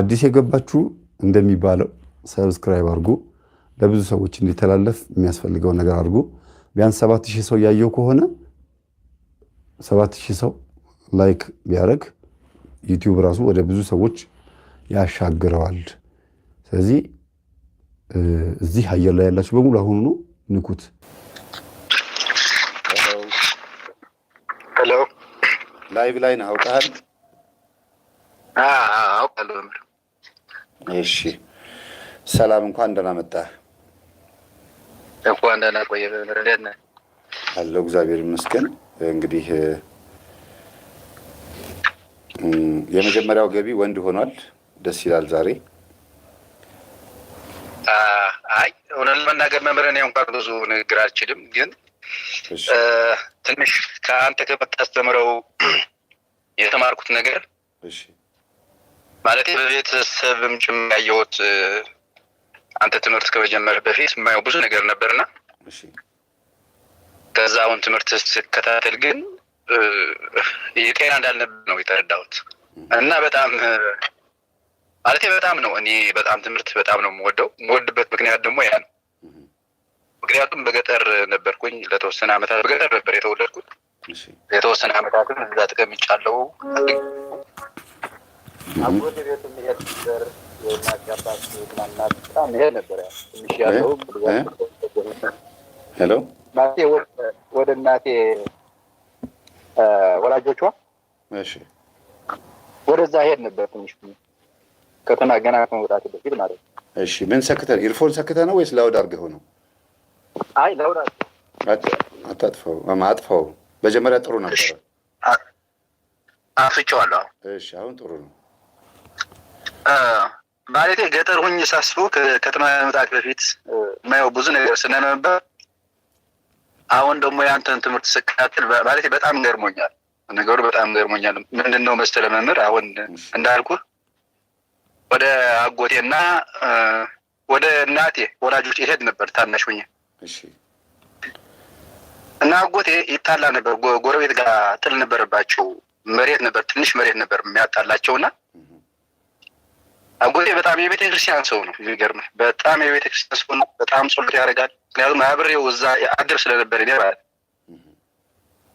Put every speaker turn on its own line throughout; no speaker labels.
አዲስ የገባችሁ እንደሚባለው ሰብስክራይብ አድርጉ። ለብዙ ሰዎች እንዲተላለፍ የሚያስፈልገው ነገር አድርጉ። ቢያንስ ሰባት ሺህ ሰው ያየው ከሆነ ሰባት ሺህ ሰው ላይክ ቢያደርግ ዩቲዩብ ራሱ ወደ ብዙ ሰዎች ያሻግረዋል። ስለዚህ እዚህ አየር ላይ ያላችሁ በሙሉ አሁኑ ነው ንኩት። ላይቭ ላይ ነህ አውቀሃል? አውቃለሁ። እሺ ሰላም፣ እንኳን ደህና መጣ
እንኳን ደህና ቆየ።
አለው እግዚአብሔር ይመስገን። እንግዲህ የመጀመሪያው ገቢ ወንድ ሆኗል። ደስ ይላል። ዛሬ
አይ እውነት ለመናገር መምህር፣ እኔ እንኳን ብዙ ንግግር አልችልም፣ ግን ትንሽ ከአንተ ከምታስተምረው የተማርኩት ነገር ማለት በቤተሰብም ጭምር ያየሁት አንተ ትምህርት ከመጀመር በፊት የማየው ብዙ ነገር ነበርና ከዛ አሁን ትምህርት ስከታተል ግን ጤና እንዳልነበር ነው የተረዳሁት። እና በጣም ማለት በጣም ነው እኔ በጣም ትምህርት በጣም ነው የምወደው። የምወድበት ምክንያት ደግሞ ያ ነው። ምክንያቱም በገጠር ነበርኩኝ ለተወሰነ ዓመታት በገጠር ነበር የተወለድኩት። የተወሰነ ዓመታትም እዛ ጥቅም ይቻለው አጎት ቤት የሚሄድ ነበር። እናቴ ወደ እናቴ ወላጆቿ ወደዛ ሄድ ነበር ትንሽ ከተና ገና ከመውጣት በፊት ማለት ነው።
እሺ ምን ሰክተ ኢርፎን ሰክተ ነው ወይስ ላውድ አድርገው ነው? አይ ላውድ መጀመሪያ ጥሩ ነበር። አፍቼዋለሁ። እሺ አሁን ጥሩ ነው።
ማለት ገጠር ሁኝ ሳስበው ከከተማ መምጣት በፊት ማየው ብዙ ነገር ስለነበር አሁን ደግሞ የአንተን ትምህርት ስካትል ማለት በጣም ገርሞኛል። ነገሩ በጣም ገርሞኛል። ምንድን ነው መሰለህ መምህር፣ አሁን እንዳልኩ ወደ አጎቴና ወደ እናቴ ወላጆች ይሄድ ነበር ታናሽ ሁኝ እና አጎቴ ይጣላ ነበር። ጎረቤት ጋር ጥል ነበረባቸው። መሬት ነበር ትንሽ መሬት ነበር የሚያጣላቸውና አጎቴ በጣም የቤተ ክርስቲያን ሰው ነው። የሚገርም በጣም የቤተ ክርስቲያን ሰው ነው። በጣም ጸሎት ያደርጋል። ምክንያቱም አብሬው እዛ አድር ስለነበር እኔ ማለት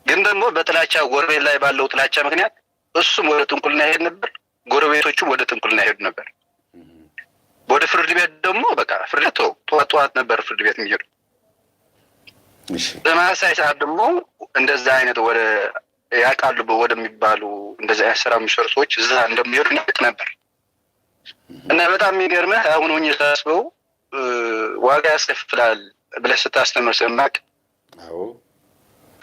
ግን ደግሞ በጥላቻ ጎረቤት ላይ ባለው ጥላቻ ምክንያት እሱም ወደ ጥንቁልና ይሄድ ነበር፣ ጎረቤቶቹም ወደ ጥንቁልና ይሄዱ ነበር። ወደ ፍርድ ቤት ደግሞ በቃ ፍርድ ቤት ተው ጠዋት ጠዋት ነበር ፍርድ ቤት የሚሄዱ። በማሳይ ሰዓት ደግሞ እንደዛ አይነት ወደ ያውቃሉ ወደሚባሉ እንደዚህ አይነት ስራ የሚሰሩ ሰዎች እዛ እንደሚሄዱ ነበር እና በጣም የሚገርምህ አሁን ሁኝ ሳስበው ዋጋ ያስከፍላል ብለህ ስታስተምር ሰማክ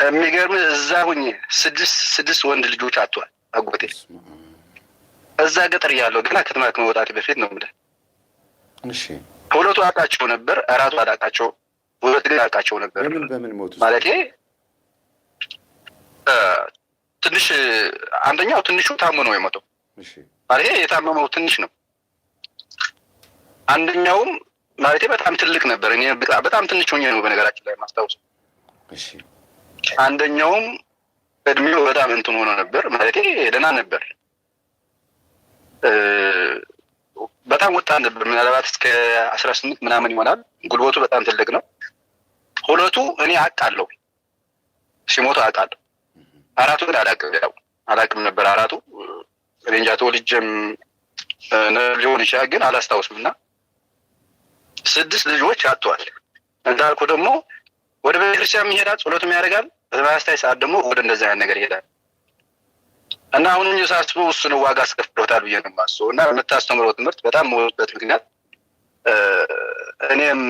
የሚገርምህ እዛ ሁኝ ስድስት ስድስት ወንድ ልጆች አጥቷል አጎቴ እዛ ገጠር ያለው ገና ከተማ ከመውጣት በፊት ነው የምልህ። ሁለቱ አውቃቸው ነበር፣ አራቱ አላውቃቸው፣ ሁለት ግን አውቃቸው ነበር። ማለት ትንሽ አንደኛው ትንሹ ታሞ ነው የሞተው። ማለቴ የታመመው ትንሽ ነው አንደኛውም ማለቴ በጣም ትልቅ ነበር። እኔ በጣም ትንሽ ሆኜ ነው በነገራችን ላይ ማስታወስ። አንደኛውም እድሜው በጣም እንትን ሆኖ ነበር ማለቴ ደህና ነበር፣ በጣም ወጣ ነበር። ምናልባት እስከ አስራ ስምንት ምናምን ይሆናል። ጉልበቱ በጣም ትልቅ ነው። ሁለቱ እኔ አውቃለሁ ሲሞቱ አውቃለሁ። አራቱ ግን አላውቅም፣ ያው አላውቅም ነበር። አራቱ እኔ እንጃ ተወልጄም ሊሆን ይችላል ግን አላስታውስም እና ስድስት ልጆች አጥቷል። እንዳልኩ ደግሞ ወደ ቤተክርስቲያን ይሄዳል፣ ጸሎትም ያደርጋል። በተመሳሳይ ሰዓት ደግሞ ወደ እንደዚህ አይነት ነገር ይሄዳል እና አሁንም የሳስበው እሱን ዋጋ አስከፍሎታል ብዬ ነው የማስበው እና የምታስተምረው ትምህርት በጣም መወበት ምክንያት እኔም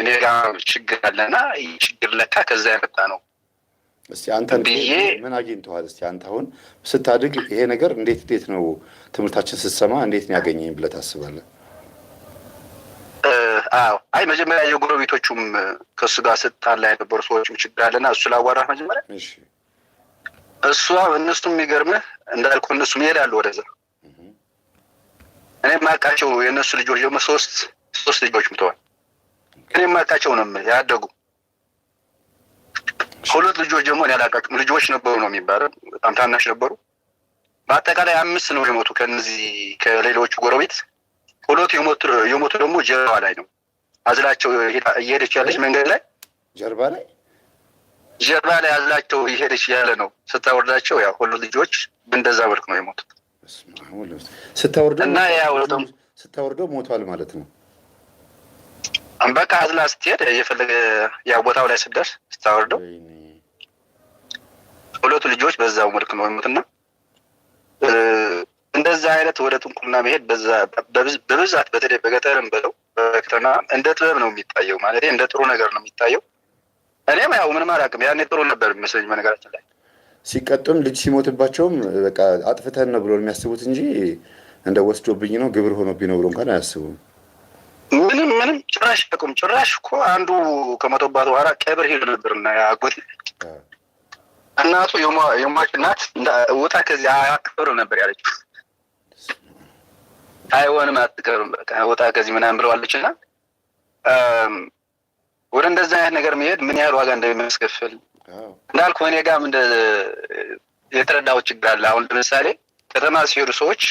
እኔ ጋር ችግር አለና ይህ ችግር ለካ ከዛ የመጣ ነው።
እስቲ አንተ ምን አግኝተዋል? እስቲ አንተ አሁን ስታድግ ይሄ ነገር እንዴት እንዴት ነው ትምህርታችን ስትሰማ እንዴት ነው ያገኘኝ ብለህ ታስባለህ?
አዎ አይ መጀመሪያ የጎረቤቶቹም ከእሱ ጋር ስጣላ የነበሩ ሰዎችም ችግር አለና እሱ ላዋራህ መጀመሪያ እሷ እነሱ የሚገርምህ እንዳልኩ እነሱም ይሄዳሉ ወደዛ። እኔ የማውቃቸው የእነሱ ልጆች ደግሞ ሶስት ሶስት ልጆች ምተዋል። እኔ የማውቃቸው ነው ያደጉ ሁለት ልጆች ደግሞ እኔ አላውቃቸውም። ልጆች ነበሩ ነው የሚባለው፣ በጣም ታናሽ ነበሩ። በአጠቃላይ አምስት ነው የሞቱ ከነዚህ ከሌሎቹ ጎረቤት ሁለቱ የሞቱ ደግሞ ጀርባ ላይ ነው። አዝላቸው እየሄደች ያለች መንገድ ላይ ጀርባ ላይ ጀርባ ላይ አዝላቸው እየሄደች ያለ ነው። ስታወርዳቸው ያው ሁሉ ልጆች እንደዛ መልክ ነው የሞቱት። ስታወርደው እና ያው
ስታወርደው ሞቷል ማለት ነው።
በቃ አዝላ ስትሄድ የፈለገ ያው ቦታው ላይ ስትደርስ ስታወርደው ሁለቱ ልጆች በዛው መልክ ነው የሞትና እንደዛ አይነት ወደ ጥንቁና መሄድ በብዛት በተለይ በገጠርም ብለው በከተማ እንደ ጥበብ ነው የሚታየው፣ ማለት እንደ ጥሩ ነገር ነው የሚታየው። እኔም ያው ምንም አላውቅም፣ ያኔ ጥሩ ነበር የሚመስለኝ በነገራችን ላይ።
ሲቀጡም ልጅ ሲሞትባቸውም በቃ አጥፍተን ነው ብሎ የሚያስቡት እንጂ እንደ ወስዶብኝ ነው ግብር ሆኖብኝ ነው ብሎ እንኳን አያስቡም።
ምንም ምንም ጭራሽ ያቁም። ጭራሽ እኮ አንዱ ከመቶባት በኋላ ቀብር ሄዶ ነበር እና ያጎት እናቱ የሟች እናት ውጣ ከዚህ አያክብር ነበር ያለችው አይሆንም አትቀርም በቃ ቦታ ከዚህ ምናምን ብለዋለች እና ወደ እንደዛ አይነት ነገር መሄድ ምን ያህል ዋጋ እንደሚያስከፍል እንዳልኩ እኔ ጋም እንደ የተረዳው ችግር አለ። አሁን ለምሳሌ ከተማ ሲሄዱ ሰዎች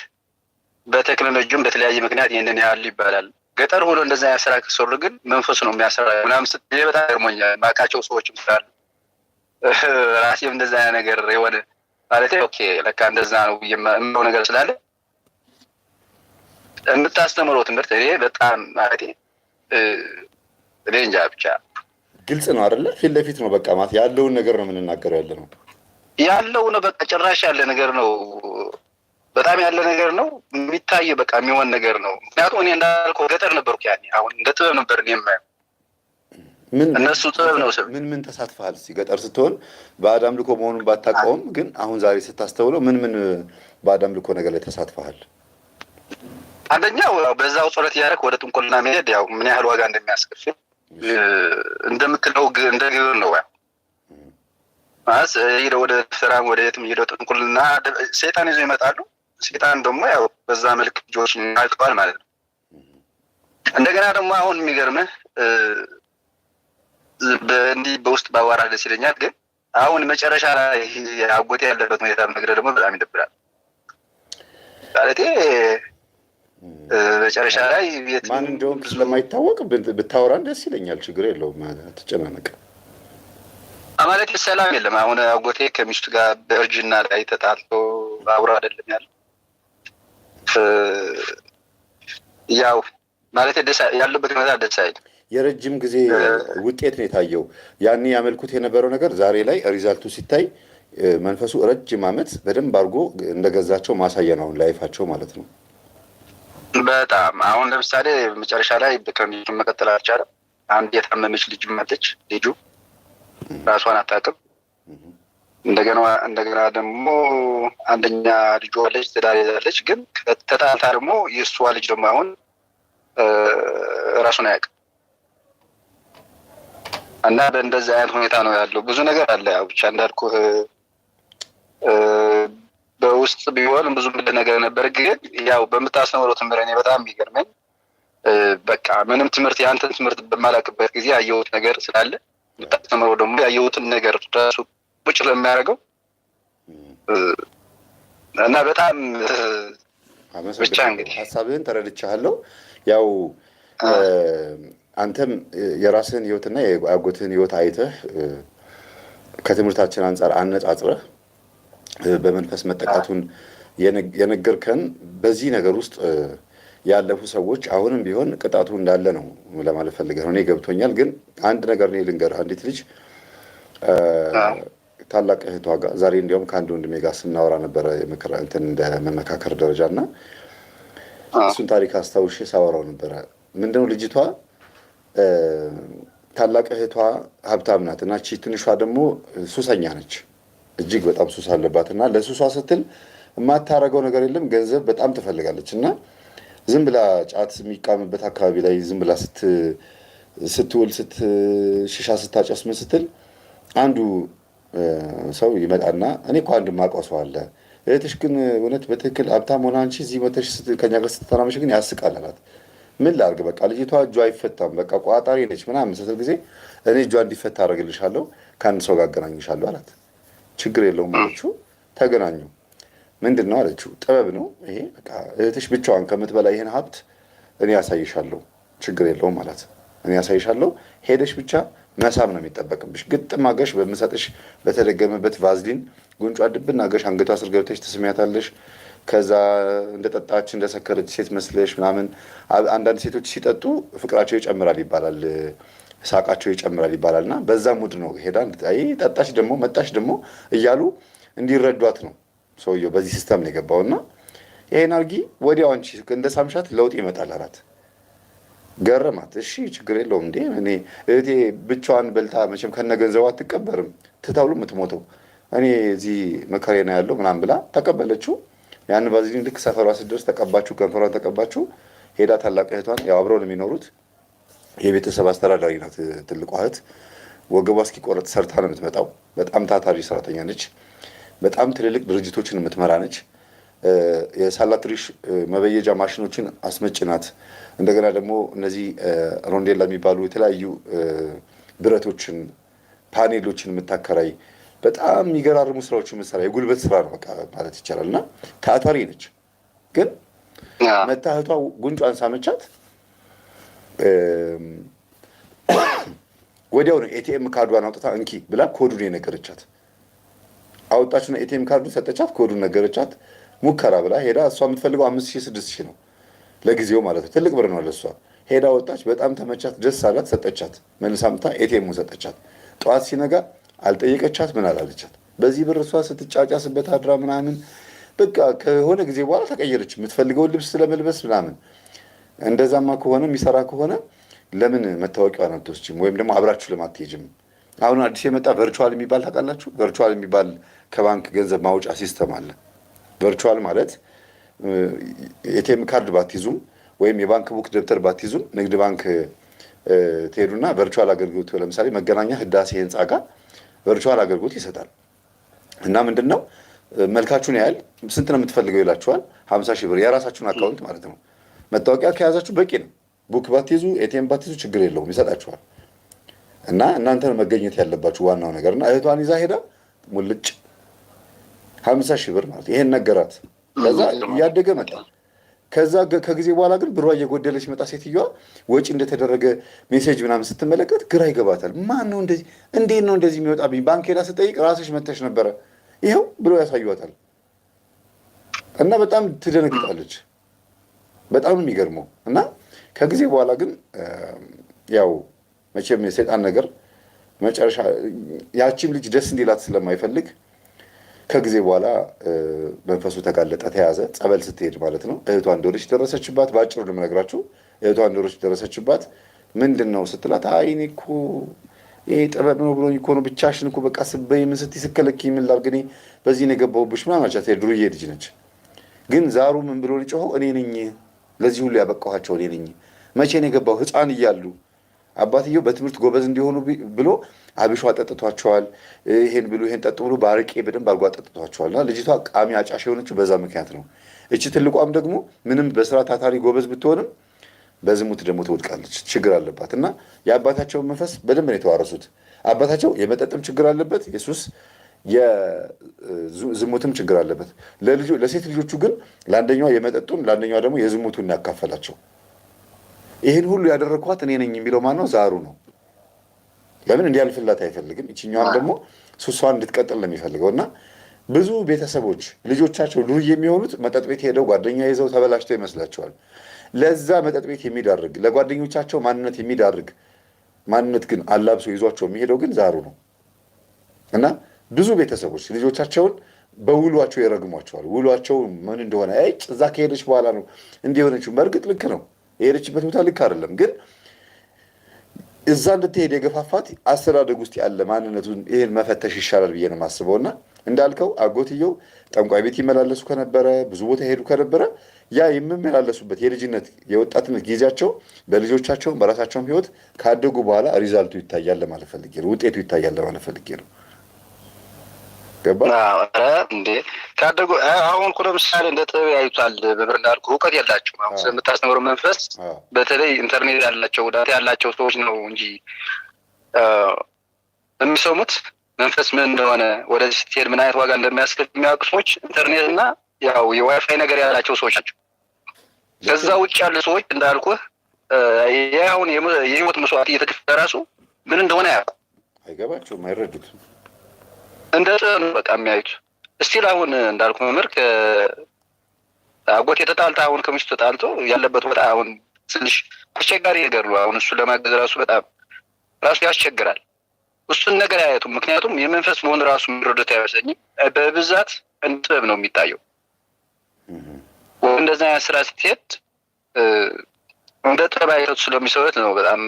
በቴክኖሎጂም በተለያየ ምክንያት ይህንን ያህል ይባላል። ገጠር ሆኖ አይነት ስራ ከሰሩ ግን መንፈስ ነው የሚያሰራ ምናምን ስትል በጣም ገርሞኛል። ማካቸው ሰዎችም ስላሉ ራሴም እንደዛ ነገር የሆነ ማለት ኦኬ ለካ እንደዛ ነው የምለው ነገር ስላለ የምታስተምረው ትምህርት እኔ በጣም ማለት እኔ እንጃ ብቻ
ግልጽ ነው አይደለ? ፊት ለፊት ነው በቃ ማለት ያለውን ነገር ነው የምንናገረው። ያለ ነው
ያለው ነው በቃ ጭራሽ ያለ ነገር ነው። በጣም ያለ ነገር ነው የሚታይ በቃ የሚሆን ነገር ነው። ምክንያቱም እኔ እንዳልከው ገጠር ነበርኩ ያኔ። አሁን እንደ ጥበብ ነበር የማየው
እነሱ ጥበብ ነው። ስብ ምን ምን ተሳትፈሃል? እስኪ ገጠር ስትሆን በአዳም ልኮ መሆኑን ባታውቀውም ግን አሁን ዛሬ ስታስተውለው ምን ምን በአዳም ልኮ ነገር ላይ ተሳትፈሃል?
አንደኛው በዛው ጸሎት እያደረክ ወደ ጥንቁልና መሄድ ያው ምን ያህል ዋጋ እንደሚያስከፍል እንደምትለው እንደ ግብር ነው። ያው ሄደ ወደ ፍራም ወደ የትም ሄደው ጥንቁልና ሴጣን ይዞ ይመጣሉ። ሴጣን ደግሞ ያው በዛ መልክ ልጆች እናልቀዋል ማለት ነው። እንደገና ደግሞ አሁን የሚገርምህ እንዲህ በውስጥ ባዋራ ደስ ይለኛል፣ ግን አሁን መጨረሻ ላይ አጎቴ ያለበት ሁኔታ መግረ ደግሞ በጣም ይደብራል ማለቴ
መጨረሻ ላይ ማን እንደውም ስለማይታወቅ ብታወራን ደስ ይለኛል። ችግር የለውም ተጨናነቅ
ማለት ሰላም የለም። አሁን አጎቴ ከሚስቱ ጋር በእርጅና ላይ ተጣልቶ አብሮ አይደለም ያለ ያው ማለት ያሉበት ሁኔታ ደስ አይልም።
የረጅም ጊዜ ውጤት ነው የታየው። ያኔ ያመልኩት የነበረው ነገር ዛሬ ላይ ሪዛልቱ ሲታይ መንፈሱ ረጅም ዓመት በደንብ አድርጎ እንደገዛቸው ማሳያ ነው አሁን ላይፋቸው ማለት ነው።
በጣም አሁን ለምሳሌ መጨረሻ ላይ ከሚቱ መቀጠል አልቻለም። አንድ የታመመች ልጅ መጠች ልጁ ራሷን አታውቅም። እንደገና እንደገና ደግሞ አንደኛ ልጇ ልጅ ትዳር ይዛለች፣ ግን ተጣልታ ደግሞ የእሷ ልጅ ደግሞ አሁን ራሱን አያውቅም እና በእንደዚህ አይነት ሁኔታ ነው ያለው። ብዙ ነገር አለ። ያው ብቻ እንዳልኩህ በውስጥ ቢሆን ብዙ ነገር ነበር። ግን ያው በምታስተምረው ትምህርት እኔ በጣም የሚገርመኝ በቃ ምንም ትምህርት የአንተን ትምህርት በማላውቅበት ጊዜ ያየሁት ነገር ስላለ የምታስተምረው ደግሞ ያየሁትን ነገር ራሱ ቁጭ ለሚያደርገው እና በጣም
ብቻ እንግዲህ ሀሳብህን ተረድቻለሁ። ያው አንተም የራስህን ህይወትና የአጎትህን ህይወት አይተህ ከትምህርታችን አንጻር አነጻጽረህ በመንፈስ መጠቃቱን የነገርከን በዚህ ነገር ውስጥ ያለፉ ሰዎች አሁንም ቢሆን ቅጣቱ እንዳለ ነው ለማለት ፈልገህ ነው። እኔ ገብቶኛል። ግን አንድ ነገር እኔ ልንገርህ። አንዲት ልጅ ታላቅ እህቷ ጋር ዛሬ እንዲያውም ከአንድ ወንድሜ ጋር ስናወራ ነበረ የምክር እንትን እንደ መመካከር ደረጃ እና እሱን ታሪክ አስታውሼ ሳወራው ነበረ። ምንድነው ልጅቷ ታላቅ እህቷ ሀብታም ናት እና ትንሿ ደግሞ ሱሰኛ ነች። እጅግ በጣም ሱስ አለባት እና ለሱሷ ስትል የማታረገው ነገር የለም። ገንዘብ በጣም ትፈልጋለች እና ዝም ብላ ጫት የሚቃምበት አካባቢ ላይ ዝም ብላ ስትውል ስትሽሻ ስታጨስ ምን ስትል አንዱ ሰው ይመጣና እኔ እኮ አንድ የማውቀው ሰው አለ እህትሽ ግን እውነት በትክክል ሀብታም ሆና አንቺ እዚህ መተሽ ከኛ ጋር ስትተናመሽ ግን ያስቃል አላት። ምን ላድርግ በቃ ልጅቷ እጇ አይፈታም፣ በቃ ቋጣሪ ነች ምናምን ስትል ጊዜ እኔ እጇ እንዲፈታ አደርግልሻለሁ ከአንድ ሰው ጋር አገናኝሻለሁ አላት። ችግር የለውም አለችው። ተገናኙ። ምንድን ነው አለችው። ጥበብ ነው ይሄ። በቃ እህትሽ ብቻዋን ከምትበላ ይህን ሀብት እኔ ያሳይሻለሁ፣ ችግር የለውም ማለት እኔ ያሳይሻለሁ። ሄደሽ ብቻ መሳብ ነው የሚጠበቅብሽ። ግጥም አገሽ በምሰጥሽ በተደገመበት ቫዝሊን ጉንጯ ድብን አገሽ አንገቷ ስር ገብተሽ ትስሚያታለሽ። ከዛ እንደጠጣች እንደሰከረች ሴት መስለሽ ምናምን። አንዳንድ ሴቶች ሲጠጡ ፍቅራቸው ይጨምራል ይባላል ሳቃቸው ይጨምራል ይባላል እና በዛ ሙድ ነው ሄዳ ጠጣሽ ደግሞ መጣሽ ደግሞ እያሉ እንዲረዷት ነው ሰውየው በዚህ ሲስተም ነው የገባው እና ይሄን አድርጊ ወዲያው አንቺ እንደ ሳምሻት ለውጥ ይመጣል አላት። ገረማት። እሺ ችግር የለውም እንዴ እኔ እህቴ ብቻዋን በልታ መቼም ከነ ገንዘቡ አትቀበርም ትተውሉ የምትሞተው እኔ እዚህ መከሬ ነው ያለው ምናምን ብላ ተቀበለችው። ያን ባዚሊን ልክ ሰፈሯ ስደርስ ተቀባችሁ፣ ከንፈሯን ተቀባችሁ። ሄዳ ታላቅ እህቷን ያው አብረው ነው የሚኖሩት የቤተሰብ አስተዳዳሪ ናት። ትልቋ እህት ወገቧ እስኪቆረጥ ሰርታ ነው የምትመጣው። በጣም ታታሪ ሰራተኛ ነች። በጣም ትልልቅ ድርጅቶችን የምትመራ ነች። የሳላትሪሽ መበየጃ ማሽኖችን አስመጭ ናት። እንደገና ደግሞ እነዚህ ሮንዴላ የሚባሉ የተለያዩ ብረቶችን፣ ፓኔሎችን የምታከራይ በጣም የሚገራርሙ ስራዎች የምትሰራ የጉልበት ስራ ነው በቃ ማለት ይቻላል። እና ታታሪ ነች። ግን መታህቷ ጉንጯን ሳመቻት ወዲያው ነው ኤቲኤም ካርዷን አውጥታ እንኪ ብላ ኮዱን የነገረቻት። አወጣችና ኤቲኤም ካርዱ ሰጠቻት፣ ኮዱን ነገረቻት። ሙከራ ብላ ሄዳ እሷ የምትፈልገው አምስት ሺህ ስድስት ሺህ ነው ለጊዜው ማለት ነው። ትልቅ ብር ነው ለእሷ። ሄዳ ወጣች፣ በጣም ተመቻት፣ ደስ አላት፣ ሰጠቻት። መልሳ ምታ ኤቲኤሙን ሰጠቻት። ጠዋት ሲነጋ አልጠየቀቻት፣ ምን አላለቻት። በዚህ ብር እሷ ስትጫጫስበት አድራ ምናምን በቃ ከሆነ ጊዜ በኋላ ተቀየረች፣ የምትፈልገውን ልብስ ስለመልበስ ምናምን እንደዛማ ከሆነ የሚሰራ ከሆነ ለምን መታወቂያ አትወስጂም? ወይም ደግሞ አብራችሁ ለምን አትሄጂም? አሁን አዲስ የመጣ ቨርቹዋል የሚባል ታውቃላችሁ? ቨርቹዋል የሚባል ከባንክ ገንዘብ ማውጫ ሲስተም አለ። ቨርቹዋል ማለት ኤቲኤም ካርድ ባትይዙም ወይም የባንክ ቡክ ደብተር ባትይዙም ንግድ ባንክ ትሄዱና ቨርቹዋል አገልግሎት ለምሳሌ መገናኛ ህዳሴ ህንፃ ጋር ቨርቹዋል አገልግሎት ይሰጣል። እና ምንድን ነው መልካችሁን ያህል ስንት ነው የምትፈልገው ይላችኋል። ሀምሳ ሺህ ብር የራሳችሁን አካውንት ማለት ነው መታወቂያ ከያዛችሁ በቂ ነው። ቡክ ባትይዙ፣ ኤቲኤም ባትይዙ ችግር የለውም ይሰጣችኋል። እና እናንተ መገኘት ያለባችሁ ዋናው ነገር እና እህቷን ይዛ ሄዳ ሙልጭ ሀምሳ ሺህ ብር ማለት ይሄን ነገራት። ከዛ እያደገ መጣ። ከዛ ከጊዜ በኋላ ግን ብሯ እየጎደለ ሲመጣ ሴትዮዋ ወጪ እንደተደረገ ሜሴጅ ምናምን ስትመለከት ግራ ይገባታል። ማን ነው እንደዚህ እንዴት ነው እንደዚህ የሚወጣብኝ? ባንክ ሄዳ ስጠይቅ ራስሽ መተሽ ነበረ ይኸው ብሎ ያሳዩታል። እና በጣም ትደነግጣለች። በጣም የሚገርመው እና ከጊዜ በኋላ ግን ያው መቼም የሰይጣን ነገር መጨረሻ ያቺም ልጅ ደስ እንዲላት ስለማይፈልግ ከጊዜ በኋላ መንፈሱ ተጋለጠ፣ ተያዘ። ጸበል ስትሄድ ማለት ነው። እህቷ እንደሆነች ደረሰችባት። በአጭሩ ልምነግራችሁ እህቷ እንደሆነች ደረሰችባት። ምንድን ነው ስትላት፣ አይ እኔ እኮ ይሄ ጥበብ ነው ብሎኝ እኮ ነው ብቻሽን እኮ በቃ ስበይ ምን ስትይ ስከለኪኝ ምን ላድርግ እኔ በዚህ ነው የገባሁብሽ ምናምን አልቻት። ዱርዬ ልጅ ነች። ግን ዛሩ ምን ብሎ ጮኸው እኔ ነኝ ለዚህ ሁሉ ያበቃኋቸው እኔ ነኝ። መቼ ነው የገባው? ህፃን እያሉ አባትየው በትምህርት ጎበዝ እንዲሆኑ ብሎ አብሾ አጠጥቷቸዋል። ይሄን ብሎ ይሄን ጠጥ ብሎ በአረቄ በደንብ አድርጎ አጠጥቷቸዋል። እና ልጅቷ ቃሚ አጫሽ የሆነችው በዛ ምክንያት ነው። እቺ ትልቋም ደግሞ ምንም በስራ ታታሪ ጎበዝ ብትሆንም በዝሙት ደግሞ ትወድቃለች፣ ችግር አለባት። እና የአባታቸውን መንፈስ በደንብ ነው የተዋረሱት። አባታቸው የመጠጥም ችግር አለበት፣ የሱስ የዝሙትም ችግር አለበት። ለሴት ልጆቹ ግን ለአንደኛዋ የመጠጡን ለአንደኛዋ ደግሞ የዝሙቱን ያካፈላቸው። ይህን ሁሉ ያደረግኳት እኔ ነኝ የሚለው ማነው? ዛሩ ነው። ለምን እንዲያልፍላት አይፈልግም። ይችኛዋን ደግሞ ሱሷን እንድትቀጥል ነው የሚፈልገው እና ብዙ ቤተሰቦች ልጆቻቸው ሉ የሚሆኑት መጠጥ ቤት ሄደው ጓደኛ ይዘው ተበላሽተው ይመስላቸዋል። ለዛ መጠጥ ቤት የሚዳርግ ለጓደኞቻቸው ማንነት የሚዳርግ ማንነት ግን አላብሶ ይዟቸው የሚሄደው ግን ዛሩ ነው እና ብዙ ቤተሰቦች ልጆቻቸውን በውሏቸው ይረግሟቸዋል። ውሏቸው ምን እንደሆነ እዛ ከሄደች በኋላ ነው እንዲህ በእርግጥ ልክ ነው፣ የሄደችበት ቦታ ልክ አይደለም። ግን እዛ እንድትሄድ የገፋፋት አስተዳደግ ውስጥ ያለ ማንነቱን ይህን መፈተሽ ይሻላል ብዬ ነው የማስበው። እና እንዳልከው አጎትየው ጠንቋይ ቤት ይመላለሱ ከነበረ ብዙ ቦታ ይሄዱ ከነበረ ያ የምመላለሱበት የልጅነት የወጣትነት ጊዜያቸው በልጆቻቸውን በራሳቸውም ህይወት ካደጉ በኋላ ሪዛልቱ ይታያል ለማለት ፈልጌ ነው። ውጤቱ ይታያል ለማለት ፈልጌ ነው።
ገባ እንዴ? አሁን እኮ ለምሳሌ እንደ ጥበብ ያዩታል። በብር እንዳልኩ እውቀት የላቸው አሁን ስለምታስተምሩ መንፈስ በተለይ ኢንተርኔት ያላቸው ዳታ ያላቸው ሰዎች ነው እንጂ የሚሰሙት መንፈስ ምን እንደሆነ ወደዚህ ስትሄድ ምን አይነት ዋጋ እንደሚያስከፍል የሚያውቁ ሰዎች ኢንተርኔት እና ያው የዋይፋይ ነገር ያላቸው ሰዎች ናቸው። ከዛ ውጭ ያሉ ሰዎች እንዳልኩህ ይህ አሁን የህይወት መስዋዕት እየተከፈለ ራሱ ምን እንደሆነ አያውቁም፣
አይገባቸውም፣ አይረዱትም።
እንደ ጥ ነው በቃ የሚያዩት። እስቲል አሁን እንዳልኩ መምህር አጎቴ ተጣልተ አሁን ከሚስቱ ተጣልቶ ያለበት ቦታ አሁን ትንሽ አስቸጋሪ ነገር ነው። አሁን እሱን ለማገዝ ራሱ በጣም ራሱ ያስቸግራል። እሱን ነገር አያየቱም። ምክንያቱም የመንፈስ መሆን ራሱ የሚረዱት አይመስለኝ በብዛት እንደ ጥበብ ነው የሚታየው። እንደዛ አይነት ስራ ስትሄድ እንደ ጥበብ አይተቱ ስለሚሰሩት ነው። በጣም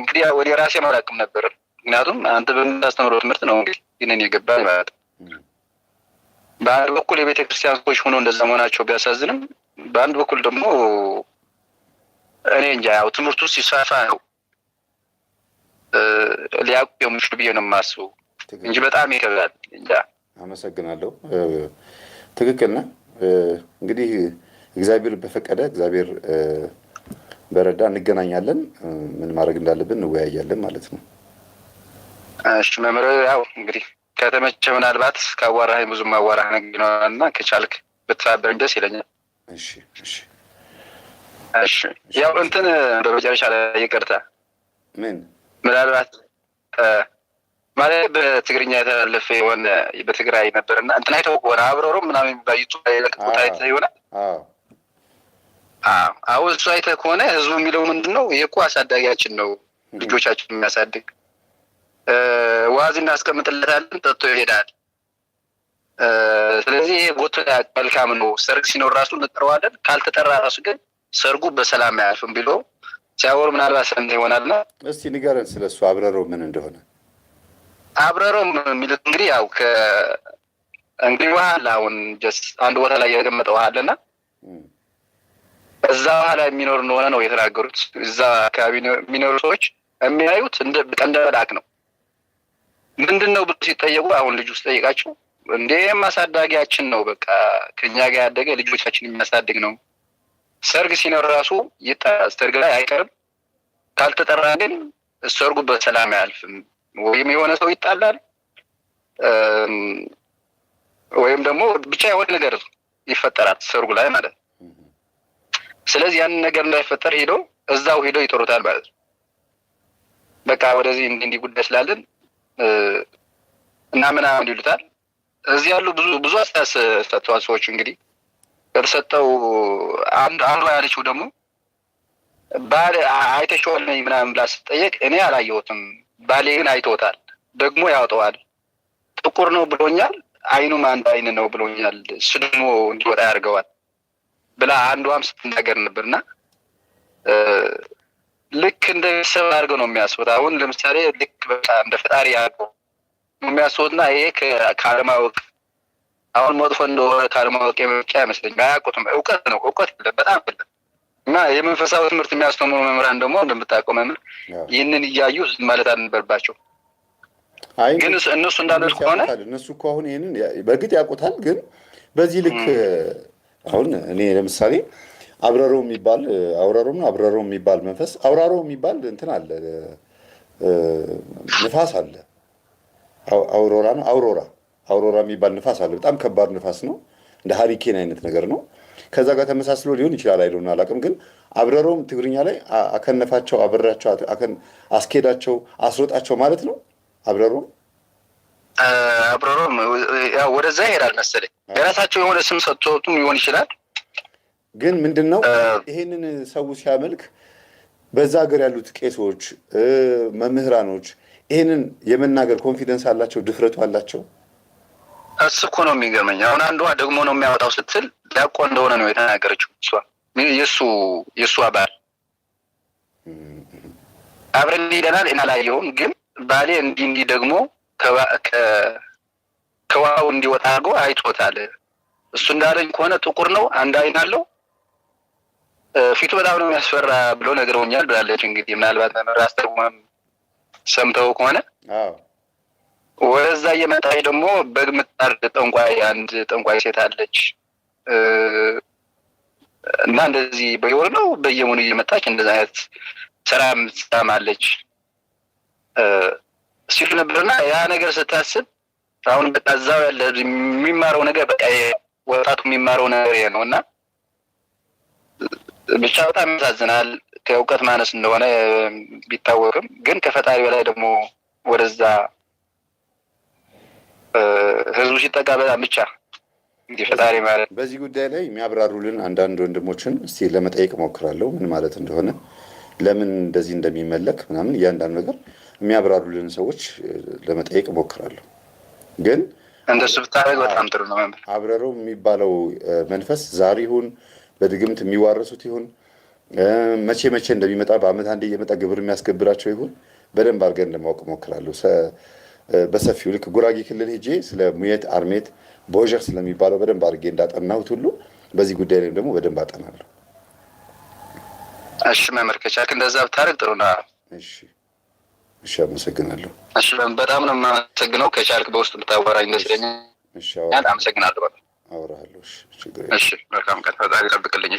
እንግዲህ ወደ ራሴ አላውቅም ነበር። ምክንያቱም አንተ በምታስተምረው ትምህርት ነው እንግዲህ ይህንን የገባ ማለት በአንድ በኩል የቤተ ክርስቲያን ሰዎች ሆኖ እንደዛ መሆናቸው ቢያሳዝንም፣ በአንድ በኩል ደግሞ እኔ እንጃ ያው ትምህርቱ ሲስፋፋ ነው ሊያውቁ የሚችሉ ብዬ ነው የማስቡ እንጂ በጣም ይከብዳል። እንጃ
አመሰግናለሁ። ትክክልና እንግዲህ እግዚአብሔር በፈቀደ እግዚአብሔር በረዳ እንገናኛለን። ምን ማድረግ እንዳለብን እንወያያለን ማለት ነው።
እሺ መምህር፣ ያው እንግዲህ ከተመቸ ምናልባት ካዋራኸኝ ብዙ ማዋራህ ነገር ይኖራል እና ከቻልክ ብትባበርኝ ደስ ይለኛል። እሺ ያው እንትን በመጨረሻ ላይ ይቅርታ፣ ምን ምናልባት ማለት በትግርኛ የተላለፈ የሆነ በትግራይ ነበር እና እንትን አይተው ከሆነ አብረሮ ምናምን የሚባል ዩቱብ ላይ ለቅቁት አይተህ ይሆናል። አዎ እሱ አይተ ከሆነ ህዝቡ የሚለው ምንድን ነው? ይህ እኮ አሳዳጊያችን ነው ልጆቻችን የሚያሳድግ ዋዝ እናስቀምጥለታለን፣ ጠጥቶ ይሄዳል። ስለዚህ ይሄ ጎት መልካም ነው። ሰርግ ሲኖር ራሱ እንጠራዋለን። ካልተጠራ ራሱ ግን ሰርጉ በሰላም አያልፍም ብሎ ሲያወሩ ምናልባት ሰምተህ ይሆናልና
እስቲ ንገረን ስለ እሱ አብረረው ምን እንደሆነ።
አብረረው የሚሉት እንግዲህ ያው እንግዲህ ውሃ አለ። አሁን ጀስት አንድ ቦታ ላይ የተቀመጠ ውሃ አለና እዛ ውሃ ላይ የሚኖር እንደሆነ ነው የተናገሩት። እዛ አካባቢ የሚኖሩ ሰዎች የሚያዩት እንደ መልአክ ነው ምንድን ነው ብሎ ሲጠየቁ አሁን ልጁ ስጠይቃቸው እንዴ አሳዳጊያችን ነው፣ በቃ ከኛ ጋር ያደገ ልጆቻችን የሚያሳድግ ነው። ሰርግ ሲኖር ራሱ ሰርግ ላይ አይቀርም። ካልተጠራ ግን ሰርጉ በሰላም አያልፍም። ወይም የሆነ ሰው ይጣላል፣ ወይም ደግሞ ብቻ የሆነ ነገር ይፈጠራል ሰርጉ ላይ ማለት ነው። ስለዚህ ያንን ነገር እንዳይፈጠር ሄዶ እዛው ሄዶ ይጠሩታል ማለት ነው። በቃ ወደዚህ እንዲህ እንዲህ ጉዳይ ስላለን እና ምናምን ይሉታል። እዚህ ያሉ ብዙ ብዙ አስተያየት ሰጥተዋል ሰዎች። እንግዲህ ከተሰጠው አንዷ ያለችው ደግሞ ባል አይተሽዋል ምናምን ብላ ስትጠየቅ እኔ አላየሁትም፣ ባሌ ግን አይቶታል፣ ደግሞ ያውጠዋል። ጥቁር ነው ብሎኛል፣ አይኑም አንድ አይን ነው ብሎኛል፣ ስድሞ ደግሞ እንዲወጣ ያደርገዋል ብላ አንዷም ስትናገር ነበርና ልክ እንደ ቤተሰብ አድርገው ነው የሚያስቡት። አሁን ለምሳሌ ልክ በቃ እንደ ፈጣሪ አድርገው ነው የሚያስቡትና ይሄ ከአለማወቅ አሁን መጥፎ እንደሆነ ከአለማወቅ የመጫ አይመስለኝም። አያውቁትም። እውቀት ነው እውቀት የለም በጣም የለም። እና የመንፈሳዊ ትምህርት የሚያስተምሩ መምህራን ደግሞ እንደምታውቀው መምህር ይህንን እያዩ ማለት አልነበረባቸው። ግን እነሱ እንዳሉት ከሆነ
እነሱ እኮ አሁን ይህንን በእርግጥ ያውቁታል። ግን በዚህ ልክ አሁን እኔ ለምሳሌ አብረሮ የሚባል አውራሮ አብረሮ የሚባል መንፈስ አውራሮ የሚባል እንትን አለ፣ ንፋስ አለ። አውሮራ ነው አውሮራ አውሮራ የሚባል ንፋስ አለ። በጣም ከባድ ንፋስ ነው። እንደ ሀሪኬን አይነት ነገር ነው። ከዛ ጋር ተመሳስሎ ሊሆን ይችላል። አይሉን አላቅም። ግን አብረሮም ትግርኛ ላይ አከነፋቸው፣ አበራቸው፣ አስኬዳቸው፣ አስሮጣቸው ማለት ነው። አብረሮም
አብረሮም ወደዛ ይሄዳል መሰለኝ። የራሳቸው የሆነ ስም ሰጥቶቱ ሊሆን ይችላል
ግን ምንድን ነው ይሄንን ሰው ሲያመልክ በዛ ሀገር ያሉት ቄሶች፣ መምህራኖች ይህንን የመናገር ኮንፊደንስ አላቸው፣ ድፍረቱ አላቸው።
እሱ እኮ ነው የሚገርመኝ። አሁን አንዷ ደግሞ ነው የሚያወጣው ስትል ዲያቆን እንደሆነ ነው የተናገረችው። እሷ የእሱ የእሱ አባል አብረን ሄደናል። አላየሁም፣ ግን ባሌ እንዲህ እንዲህ ደግሞ ከዋው እንዲወጣ አድርጎ አይቶታል። እሱ እንዳለኝ ከሆነ ጥቁር ነው፣ አንድ አይን አለው ፊቱ በጣም ነው የሚያስፈራ ብለው ነግረውኛል ብላለች። እንግዲህ ምናልባት መምህር አስተርጓም ሰምተው ከሆነ ወደዛ እየመጣች ደግሞ በግ ምታርድ ጠንቋይ፣ አንድ ጠንቋይ ሴት አለች እና እንደዚህ በየወር ነው በየሙኑ እየመጣች እንደዚ አይነት ስራ ምትሳማለች ሲሉ ነበርና ያ ነገር ስታስብ አሁን በቃ እዛው ያለ የሚማረው ነገር በቃ ወጣቱ የሚማረው ነገር ነው እና ብቻ በጣም ያሳዝናል። ከእውቀት ማነስ እንደሆነ ቢታወቅም ግን ከፈጣሪ በላይ ደግሞ ወደዛ ህዝቡ ሲጠቃ በጣም ብቻ ፈጣሪ ማለት በዚህ ጉዳይ ላይ የሚያብራሩልን አንዳንድ ወንድሞችን እስቲ ለመጠየቅ እሞክራለሁ። ምን ማለት እንደሆነ
ለምን እንደዚህ እንደሚመለክ ምናምን እያንዳንዱ ነገር የሚያብራሩልን ሰዎች ለመጠየቅ እሞክራለሁ። ግን
እንደሱ ብታደርግ በጣም ጥሩ ነው።
አብረረው የሚባለው መንፈስ ዛሬ ይሁን በድግምት የሚዋረሱት ይሁን መቼ መቼ እንደሚመጣ በአመት አንዴ እየመጣ ግብር የሚያስገብራቸው ይሁን በደንብ አድርገን ለማወቅ እሞክራለሁ። በሰፊው ልክ ጉራጌ ክልል ሄጄ ስለ ሙየት አርሜት ቦጀር ስለሚባለው በደንብ አድርጌ እንዳጠናሁት ሁሉ በዚህ ጉዳይ ላይም ደግሞ በደንብ አጠናለሁ።
እሺ፣ መመልከቻ እንደዛ ብታደርግ ጥሩ ነው። እሺ፣
እሺ፣ አመሰግናለሁ።
እሺ፣ በጣም ነው የማመሰግነው። ከቻልክ በውስጥ ብታወራኝ ደስ ይለኛል። አመሰግናለሁ።
አወራለሁ። ችግር እሺ። መልካም ቀን፣ ፈጣሪ ይጠብቅልኝ።